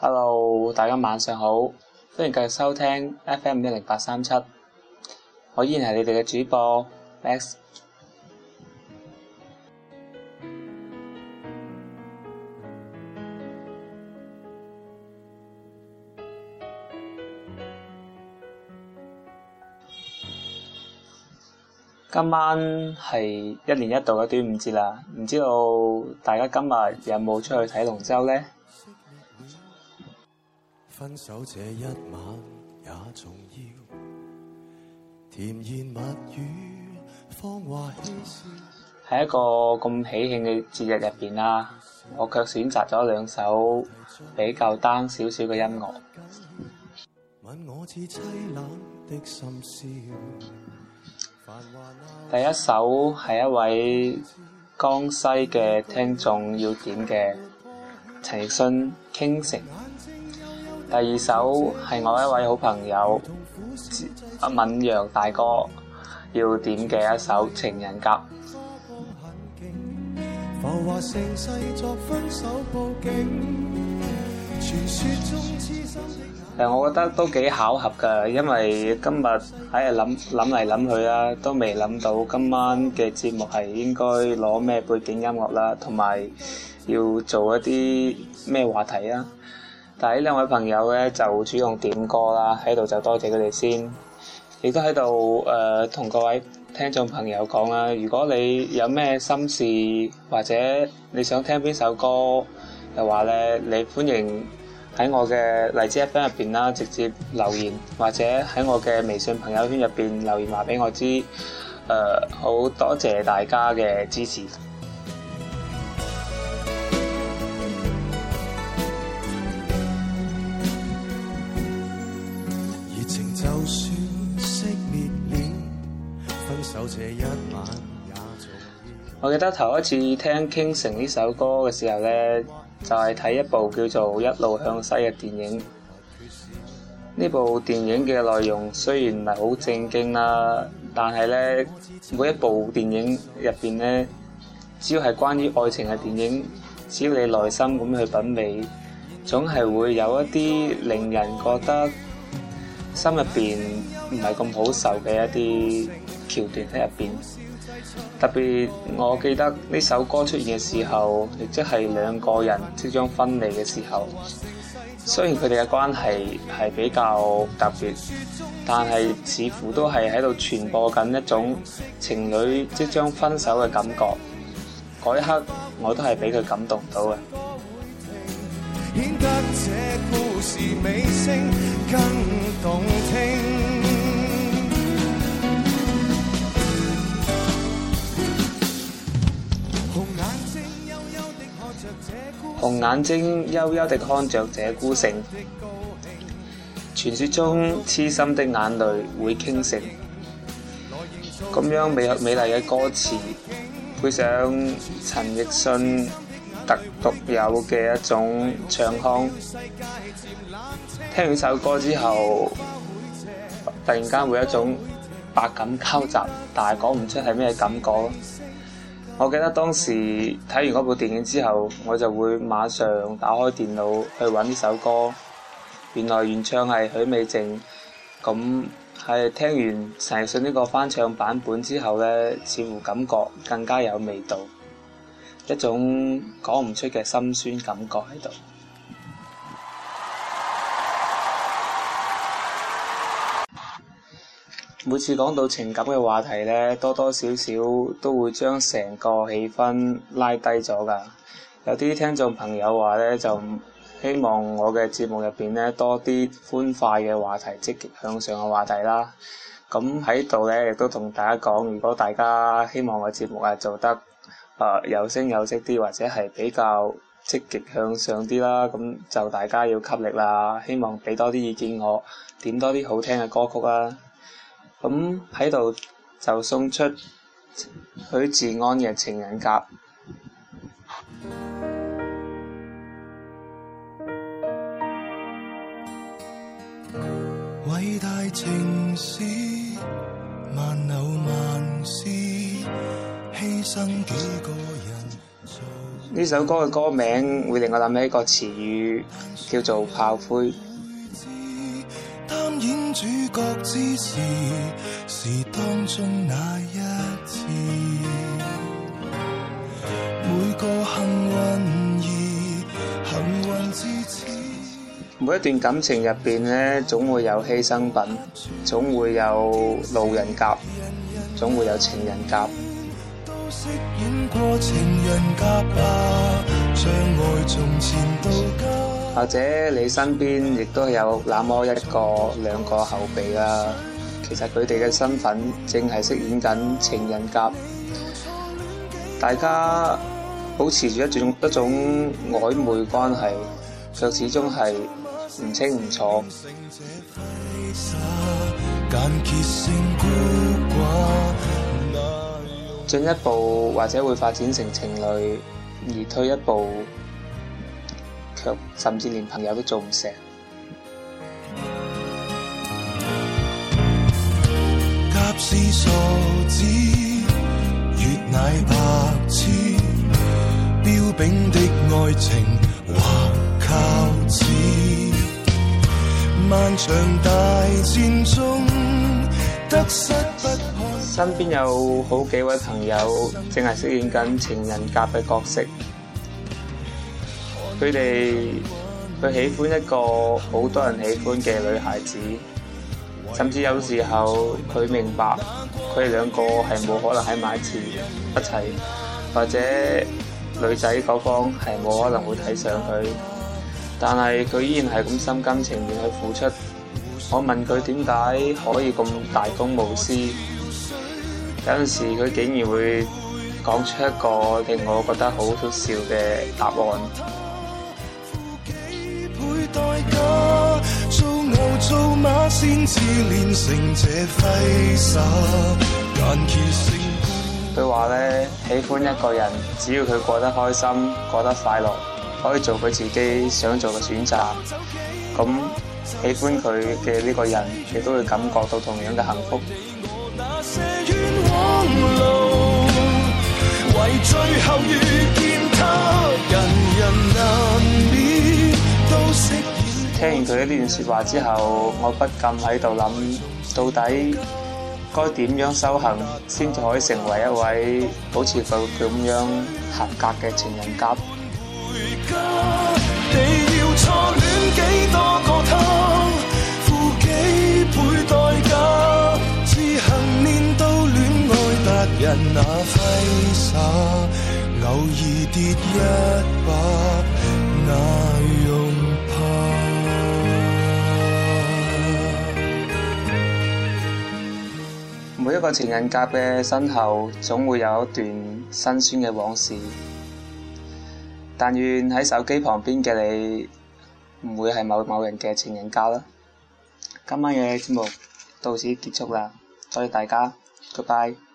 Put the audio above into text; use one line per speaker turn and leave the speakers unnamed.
Hello，大家晚上好，歡迎繼續收聽 FM 一零八三七，我依然係你哋嘅主播 Max。今晚係一年一度嘅端午節啦，唔知道大家今日有冇出去睇龍舟咧？分手這一晚也重要甜言蜜語，喺一個咁喜慶嘅節日入邊啦，我卻選擇咗兩首比較單少少嘅音樂。嗯、第一首係一位江西嘅聽眾要點嘅陳奕迅《傾城》。第二首係我一位好朋友阿敏陽大哥要點嘅一首《情人甲》 嗯，我覺得都幾巧合噶，因為今日喺度諗諗嚟諗去呀，都未諗到今晚嘅節目係應該攞咩背景音樂啦，同埋要做一啲咩話題啊？但係呢兩位朋友咧就主動點歌啦，喺度就多謝佢哋先。亦都喺度誒同各位聽眾朋友講啦，如果你有咩心事或者你想聽邊首歌嘅話咧，你歡迎喺我嘅荔枝一入邊啦，直接留言或者喺我嘅微信朋友圈入邊留言話俾我知。誒、呃，好多謝大家嘅支持。分手這一晚，我記得頭一次聽傾城呢首歌嘅時候呢就係、是、睇，一部叫做《一路向西》嘅電影。呢部電影嘅內容雖然唔係好正經啦，但係呢每一部電影入邊呢，只要係關於愛情嘅電影，只要你耐心咁去品味，總係會有一啲令人覺得。心入邊唔係咁好受嘅一啲橋段喺入邊，特別我記得呢首歌出現嘅時候，亦即係兩個人即將分離嘅時候。雖然佢哋嘅關係係比較特別，但係似乎都係喺度傳播緊一種情侶即將分手嘅感覺。嗰一刻，我都係俾佢感動到嘅。紅眼睛幽幽的看着這孤城，傳說中痴心的眼淚會傾城。咁樣美美麗嘅歌詞，配上陳奕迅。特獨有嘅一種唱腔，聽完首歌之後，突然間會有一種百感交集，但係講唔出係咩感覺。我記得當時睇完嗰部電影之後，我就會馬上打開電腦去揾呢首歌，原來原唱係許美靜，咁係聽完陳奕迅呢個翻唱版本之後呢，似乎感覺更加有味道。一種講唔出嘅心酸感覺喺度。每次講到情感嘅話題呢，多多少少都會將成個氣氛拉低咗㗎。有啲聽眾朋友話呢就希望我嘅節目入邊呢多啲歡快嘅話題、積極向上嘅話題啦。咁喺度呢，亦都同大家講，如果大家希望我節目呀做得，有聲有色啲，或者係比較積極向上啲啦，咁就大家要給力啦！希望俾多啲意見我，點多啲好聽嘅歌曲啦。咁喺度就送出許志安嘅《情人甲》。慢呢首歌嘅歌名會令我諗起一個詞語，叫做炮灰。每一段感情入面呢，總會有犧牲品，總會有路人甲，總會有情人甲。或者你身邊亦都有那麼一個兩個後備啦、啊，其實佢哋嘅身份正係飾演緊情人甲，大家保持住一種一種曖昧關係，卻始終係唔清唔楚， 進一步或者會發展成情侶，而退一步，卻甚至連朋友都做唔成。甲是傻子，乙乃白痴，標炳的愛情或靠紙，萬丈大戰中得失不。身邊有好幾位朋友，正係飾演緊情人甲嘅角色。佢哋佢喜歡一個好多人喜歡嘅女孩子，甚至有時候佢明白佢哋兩個係冇可能喺埋一齊，一齊或者女仔嗰方係冇可能會睇上佢，但係佢依然係咁心甘情願去付出。我問佢點解可以咁大公無私？有陣時佢竟然會講出一個令我覺得好好笑嘅答案。佢話呢：喜歡一個人，只要佢過得開心、過得快樂，可以做佢自己想做嘅選擇。咁喜歡佢嘅呢個人，亦都會感覺到同樣嘅幸福。聽完佢呢段說話之後，我不禁喺度諗，到底該點樣修行，先至可以成為一位好似佢咁樣合格嘅情人偶跌節。 每一個情人甲嘅身後，總會有一段辛酸嘅往事。但願喺手機旁邊嘅你，唔會係某某人嘅情人甲啦。今晚嘅節目到此結束啦，多謝大家，拜拜。